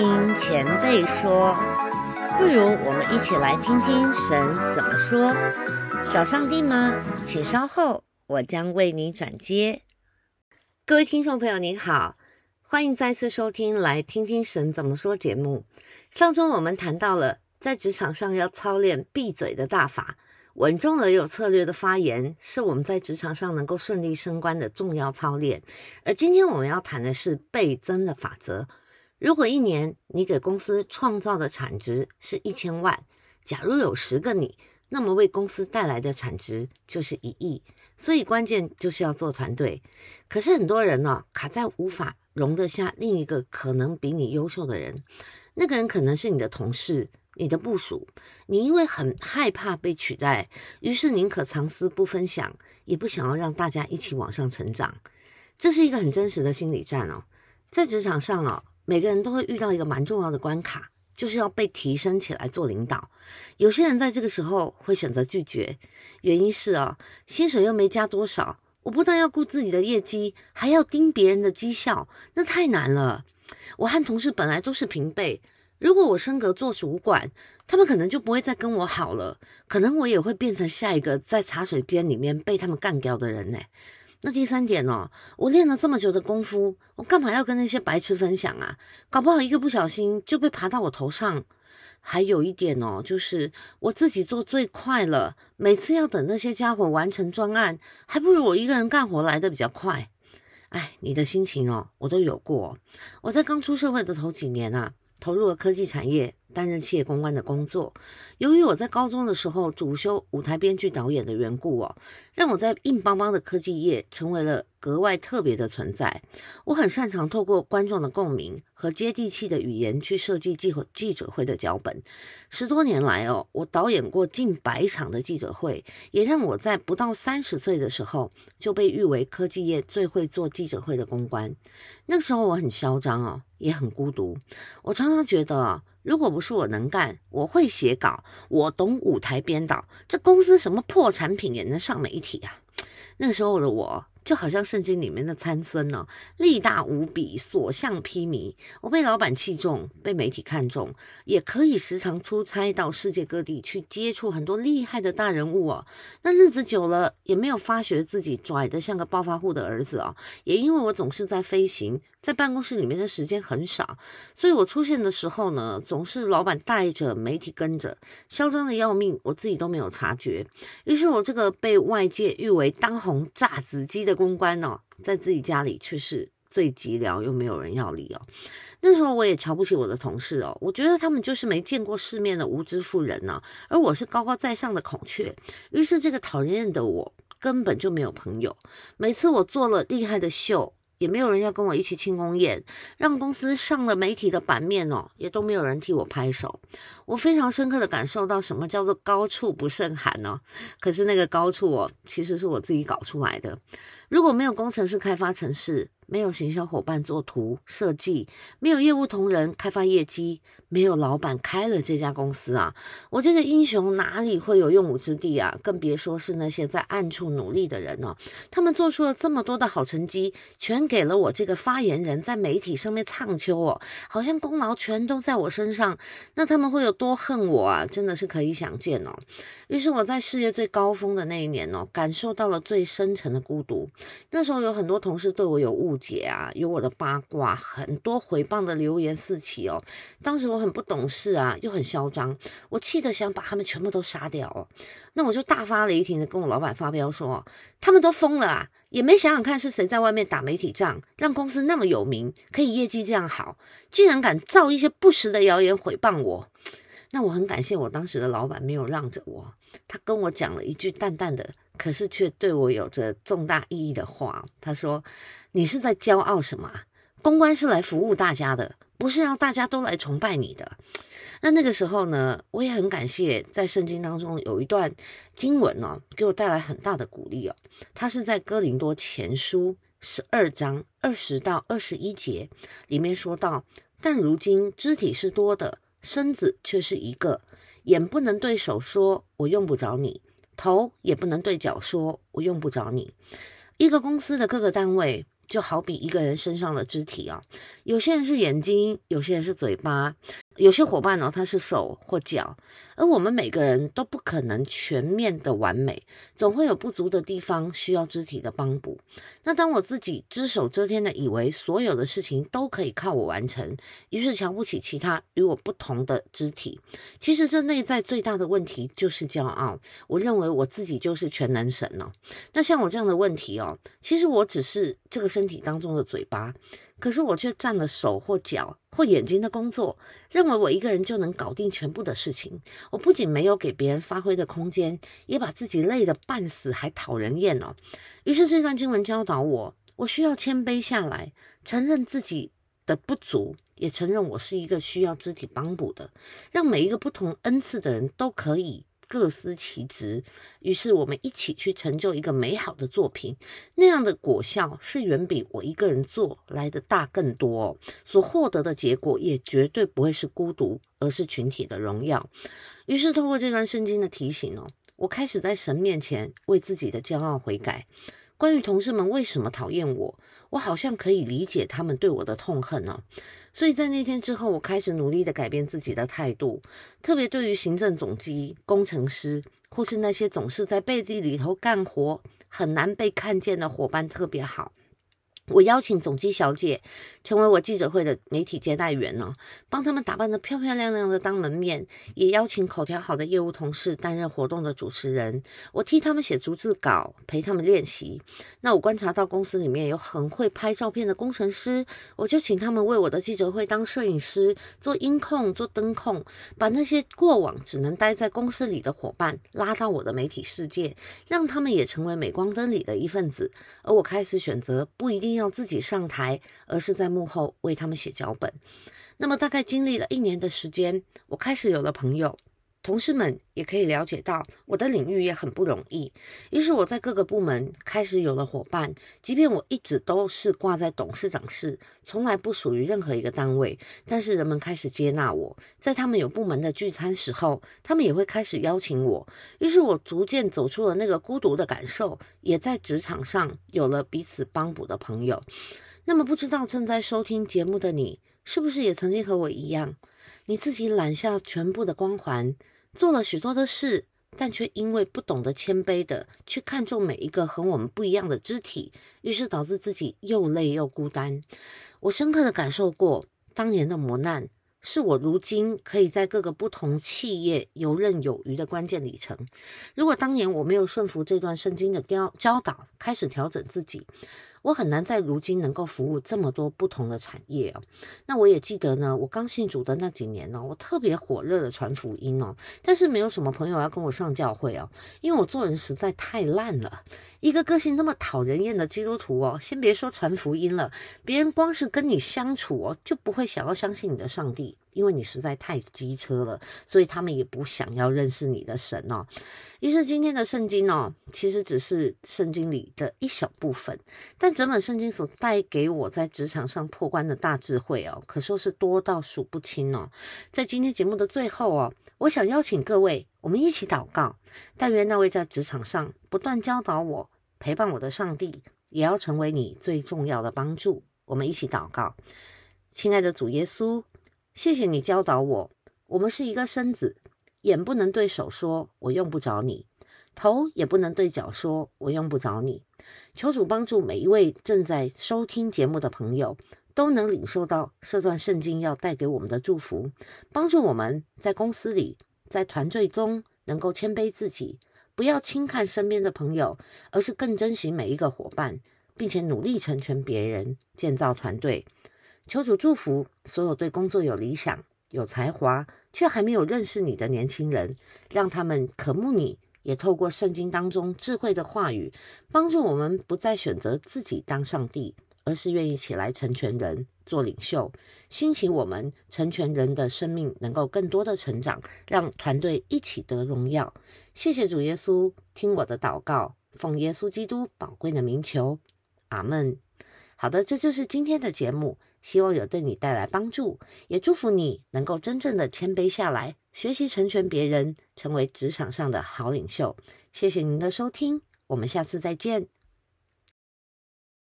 聽前輩說，不如我們一起來聽聽神怎麼說。找上帝嗎？請稍後，我將為你轉接。各位聽眾朋友，您好，歡迎再次收聽《來聽聽神怎麼說》節目。上周我們談到了在職場上要操練閉，閉嘴的大法，穩重而有策略的發言是我們在職場上能夠順利升官的重要操練。而今天我們要談的是倍增的法則。如果，一年你給公司創造的產值是一千萬，假如有十個你，那麼為公司帶來的產值就是一億。所以關鍵就是要做團隊。可是很多人呢、哦、卡在無法容得下另一個可能比你優秀的人，那個人可能是你的同事、你的部屬，你因為很害怕被取代，於是寧可藏私不分享，也不想要讓大家一起往上成長。這是一個很真實的心理戰哦，在職場上哦。每個人都會遇到一個蠻重要的關卡，就是要被提升起來做領導。有些人在這個時候會選擇拒絕，原因是啊，薪水又沒加多少，我不但要顧自己的業績，還要盯別人的績效，那太難了。我和同事本來都是平輩，如果我升格做主管，他們可能就不會再跟我好了，可能我也會變成下一個在茶水間裡面被他們幹掉的人呢、欸。那第三點哦，我練了這麼久的功夫，我幹嘛要跟那些白痴分享啊？搞不好一個不小心就被爬到我頭上。還有一點哦，就是我自己做最快了，每次要等那些家伙完成專案，還不如我一個人幹活來的比較快。哎，你的心情哦，我都有過。我在剛出社會的頭幾年啊，投入了科技產業。擔任企業公關的工作，由於我在高中的時候主修舞台編劇導演的緣故哦，讓我在硬邦邦的科技業成為了格外特別的存在。我很擅長透過觀眾的共鳴和接地氣的語言去設計記記者會的腳本。十多年來哦，我導演過近百場的記者會，也讓我在不到三十歲的時候就被譽為科技業最會做記者會的公關。那個時候我很囂張哦，也很孤獨。我常常覺得啊。如果不是我能幹，我會寫稿，我懂舞台編導，這公司什麼破產品也能上媒體啊！那個時候的我，就好像聖經裡面的參孫哦，力大無比，所向披靡。我被老闆器重，被媒體看中，也可以時常出差到世界各地去接觸很多厲害的大人物哦。那日子久了，也沒有發覺自己拽得像個暴發戶的兒子哦。也因為我總是在飛行。在辦公室裡面的時間很少，所以我出現的時候呢，總是老闆帶着媒體跟着，囂張的要命，我自己都沒有察覺。於是我這個被外界譽為當紅炸子雞的公關呢、哦，在自己家裡卻是最寂寥，又沒有人要理哦。那時候我也瞧不起我的同事哦，我覺得他們就是沒見過世面的無知婦人呢、啊，而我是高高在上的孔雀。於是這個討厭的我根本就沒有朋友，每次我做了厲害的秀。也沒有人要跟我一起慶功宴，讓公司上了媒體的版面哦，也都沒有人替我拍手。我非常深刻的感受到什麼叫做高處不勝寒呢、哦？可是那個高處哦，其實是我自己搞出來的。如果沒有工程師、開發程式。沒有行銷夥伴做圖設計，沒有業務同仁開發業績，沒有老闆開了這家公司啊！我這個英雄哪裡會有用武之地啊？更別說是那些在暗處努力的人哦、啊，他們做出了這麼多的好成績，全給了我這個發言人，在媒體上面唱秋哦，好像功勞全都在我身上。那他們會有多恨我啊？真的是可以想見哦。於是我在事業最高峰的那一年哦，感受到了最深沉的孤獨。那時候有很多同事對我有誤姐啊，有我的八卦，很多毀謗的流言四起哦。當時我很不懂事啊，又很囂張，我氣得想把他們全部都殺掉哦。那我就大發雷霆的跟我老闆發飆說，他們都瘋了啊，也沒想想看是誰在外面打媒體仗，讓公司那麼有名，可以業績這樣好，竟然敢造一些不實的謠言毀謗我。那我很感謝我當時的老闆沒有讓着我，他跟我講了一句淡淡的。可是卻對我有着重大意義的話，他說：“你是在驕傲什麼？公關是來服務大家的，不是讓大家都來崇拜你的。”那那個時候呢，我也很感謝在聖經當中有一段經文哦，給我帶來很大的鼓勵哦。他是在哥林多前書十二章二十到二十一節裡面說到：“但如今肢體是多的，身子卻是一個；眼不能對手說，我用不着你。”頭也不能對腳說，我用不着你。一個公司的各個單位，就好比一個人身上的肢體啊，有些人是眼睛，有些人是嘴巴。有些夥伴呢、哦，他是手或腳，而我們每個人都不可能全面的完美，總會有不足的地方，需要肢體的幫補。那當我自己只手遮天的以為所有的事情都可以靠我完成，於是瞧不起其他與我不同的肢體。其實這內在最大的問題就是驕傲，我認為我自己就是全能神哦，那像我這樣的問題哦，其實我只是這個身體當中的嘴巴，可是我卻佔了手或腳或眼睛的工作，認為我一個人就能搞定全部的事情。我不僅沒有給別人發揮的空間，也把自己累得半死，還討人厭哦。於是這段經文教導我，我需要謙卑下來，承認自己的不足，也承認我是一個需要肢體幫補的，讓每一個不同恩賜的人都可以。各司其職，於是我們一起去成就一個美好的作品，那樣的果效是遠比我一個人做來的大更多哦，所獲得的結果也絕對不會是孤獨，而是群體的榮耀。於是，透過這段聖經的提醒哦，我開始在神面前為自己的驕傲悔改。關於同事們為什麼討厭我，我好像可以理解他們對我的痛恨呢、啊。所以在那天之後，我開始努力的改變自己的態度，特別對於行政總機、工程師，或是那些總是在背地裡頭幹活、很難被看見的夥伴特別好。我邀請總機小姐成為我記者會的媒體接待員呢啊，幫他們打扮得漂漂亮亮的當門面，也邀請口條好的業務同事擔任活動的主持人。我替他們寫逐字稿，陪他們練習。那我觀察到公司裡面有很會拍照片的工程師，我就請他們為我的記者會當攝影師，做音控，做燈控，把那些過往只能待在公司裡的夥伴拉到我的媒體世界，讓他們也成為鎂光燈裡的一份子。而我開始選擇不一定要。讓自己上台，而是在幕後為他們寫腳本。那麼大概經歷了一年的時間，我開始有了朋友。同事們也可以了解到我的領域也很不容易，於是我在各個部門開始有了夥伴。即便我一直都是掛在董事長室，從來不屬於任何一個單位，但是人們開始接納我，在他們有部門的聚餐時候，他們也會開始邀請我。於是，我逐漸走出了那個孤獨的感受，也在職場上有了彼此幫補的朋友。那麼，不知道正在收聽節目的你，是不是也曾經和我一樣，你自己攬下全部的光環？做了許多的事，但卻因為不懂得謙卑的去看重每一個和我們不一樣的肢體，於是導致自己又累又孤單。我深刻的感受過，當年的磨難，是我如今可以在各個不同企業游刃有餘的關鍵里程。如果當年我沒有順服這段聖經的教教導，開始調整自己。我很難在如今能夠服務這麼多不同的產業哦。那我也記得呢，我剛信主的那幾年呢、哦，我特別火熱的傳福音哦，但是沒有什麼朋友要跟我上教會哦，因為我做人實在太爛了，一個個性這麼討人厭的基督徒哦，先別說傳福音了，別人光是跟你相處哦，就不會想要相信你的上帝。因為你實在太機車了，所以他們也不想要認識你的神哦。於是今天的聖經哦，其實只是聖經裡的一小部分，但整本聖經所帶給我在職場上破關的大智慧哦，可說是多到數不清哦。在今天節目的最後哦，我想邀請各位，我們一起禱告。但願那位在職場上不斷教導我、陪伴我的上帝，也要成為你最重要的幫助。我們一起禱告，親愛的主耶穌。謝謝你教導我，我們是一個身子，眼不能對手說“我用不着你”，頭也不能對腳說“我用不着你”。求主幫助每一位正在收聽節目的朋友，都能領受到這段聖經要帶給我們的祝福，幫助我們在公司裡、在團隊中能夠謙卑自己，不要輕看身邊的朋友，而是更珍惜每一個夥伴，並且努力成全別人，建造團隊。求主祝福所有對工作有理想、有才華卻還沒有認識你的年輕人，讓他們渴慕你。也透過聖經當中智慧的話語，幫助我們不再選擇自己當上帝，而是願意起來成全人，做領袖，興起我們成全人的生命，能夠更多的成長，讓團隊一起得榮耀。謝謝主耶穌，聽我的禱告，奉耶穌基督寶貴的名求，阿門。好的，這就是今天的節目。希望有對你帶來幫助，也祝福你能夠真正的謙卑下來，學習成全別人，成為職場上的好領袖。謝謝您的收聽，我們下次再見。